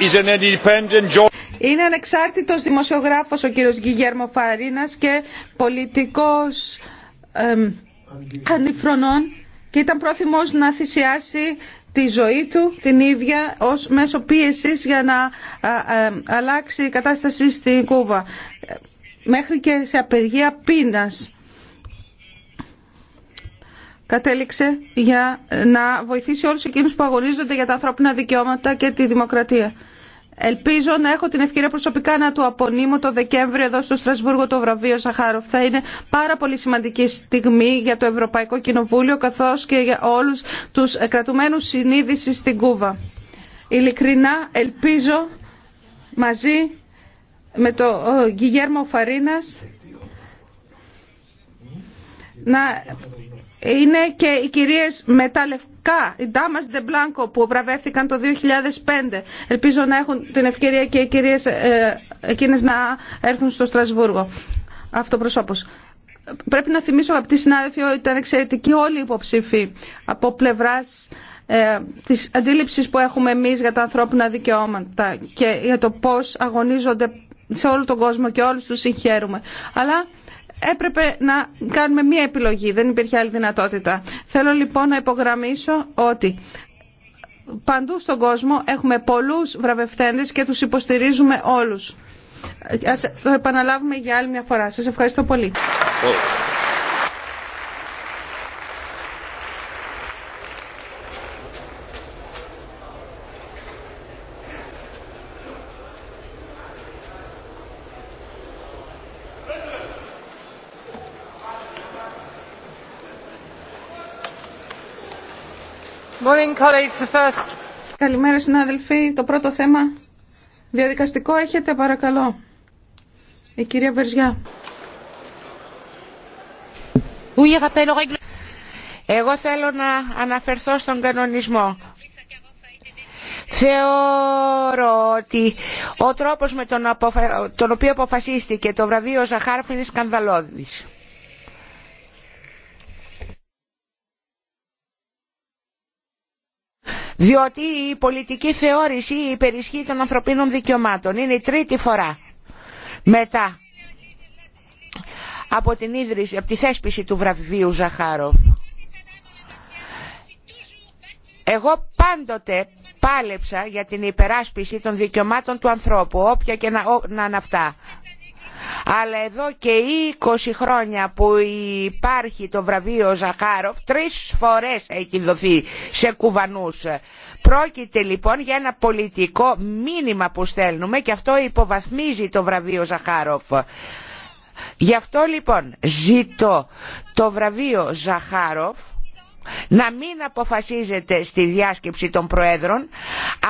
is an independent... Είναι ανεξάρτητος δημοσιογράφος ο κύριος Γιγέρμο Φαρίνας και πολιτικός αντιφρονών και ήταν πρόθυμος να θυσιάσει τη ζωή του την ίδια ως μέσο πίεσης για να αλλάξει η κατάσταση στην Κούβα μέχρι και σε απεργία πείνας κατέληξε για να βοηθήσει όλους εκείνους που αγωνίζονται για τα ανθρώπινα δικαιώματα και τη δημοκρατία. Ελπίζω να έχω την ευκαιρία προσωπικά να του απονείμω το Δεκέμβριο εδώ στο Στρασβούργο το βραβείο Σαχάροφ. Θα είναι πάρα πολύ σημαντική στιγμή για το Ευρωπαϊκό Κοινοβούλιο καθώς και για όλους τους κρατουμένους συνείδηση στην Κούβα. Ειλικρινά ελπίζω μαζί με τον ε, Γιγέρμο Φαρίνας είναι και οι κυρίες με τα λευκά, η Ντάμας Ντεμπλάνκο που βραβεύτηκαν το 2005. Ελπίζω να έχουν την ευκαιρία και οι κυρίες ε, εκείνες να έρθουν στο Στρασβούργο. Αυτό Πρέπει να θυμίσω αγαπητοί συνάδελφοι ότι ήταν εξαιρετικοί όλοι οι υποψήφοι από πλευράς ε, της αντίληψης που έχουμε εμείς για τα ανθρώπινα δικαιώματα και για το πώς αγωνίζονται σε όλο τον κόσμο και όλους τους συγχαίρουμε. Αλλά έπρεπε να κάνουμε μία επιλογή, δεν υπήρχε άλλη δυνατότητα. Θέλω λοιπόν να υπογραμμίσω ότι παντού στον κόσμο έχουμε πολλούς βραβευτέντες και τους υποστηρίζουμε όλους. Ας το επαναλάβουμε για άλλη μια φορά. Σας ευχαριστώ πολύ. Καλημέρα συνάδελφοι. Το πρώτο θέμα διαδικαστικό έχετε παρακαλώ. Η κυρία Βερζιά. Εγώ θέλω να αναφερθώ στον κανονισμό. Θεωρώ ότι ο τρόπος με τον, τον οποίο αποφασίστηκε το βραβείο Ζαχάρφ είναι σκανδαλώδης διότι η πολιτική θεώρηση υπερισχύει των ανθρωπίνων δικαιωμάτων. Είναι η τρίτη φορά μετά από την ίδρυση, από τη θέσπιση του βραβείου Ζαχάρο. Εγώ πάντοτε πάλεψα για την υπεράσπιση των δικαιωμάτων του ανθρώπου, όποια και να, να είναι αυτά αλλά εδώ και 20 χρόνια που υπάρχει το βραβείο Ζαχάροφ τρεις φορές έχει δοθεί σε κουβανούς. Πρόκειται λοιπόν για ένα πολιτικό μήνυμα που στέλνουμε και αυτό υποβαθμίζει το βραβείο Ζαχάροφ. Γι' αυτό λοιπόν ζητώ το βραβείο Ζαχάροφ να μην αποφασίζεται στη διάσκεψη των Προέδρων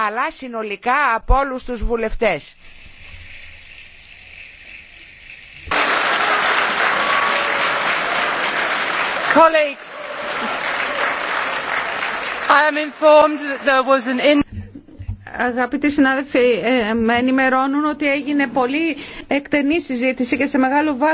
αλλά συνολικά από όλους τους βουλευτές Αγαπητοί συνάδελφοι, ε, με ενημερώνουν ότι έγινε πολύ εκτενή συζήτηση και σε μεγάλο βάθος.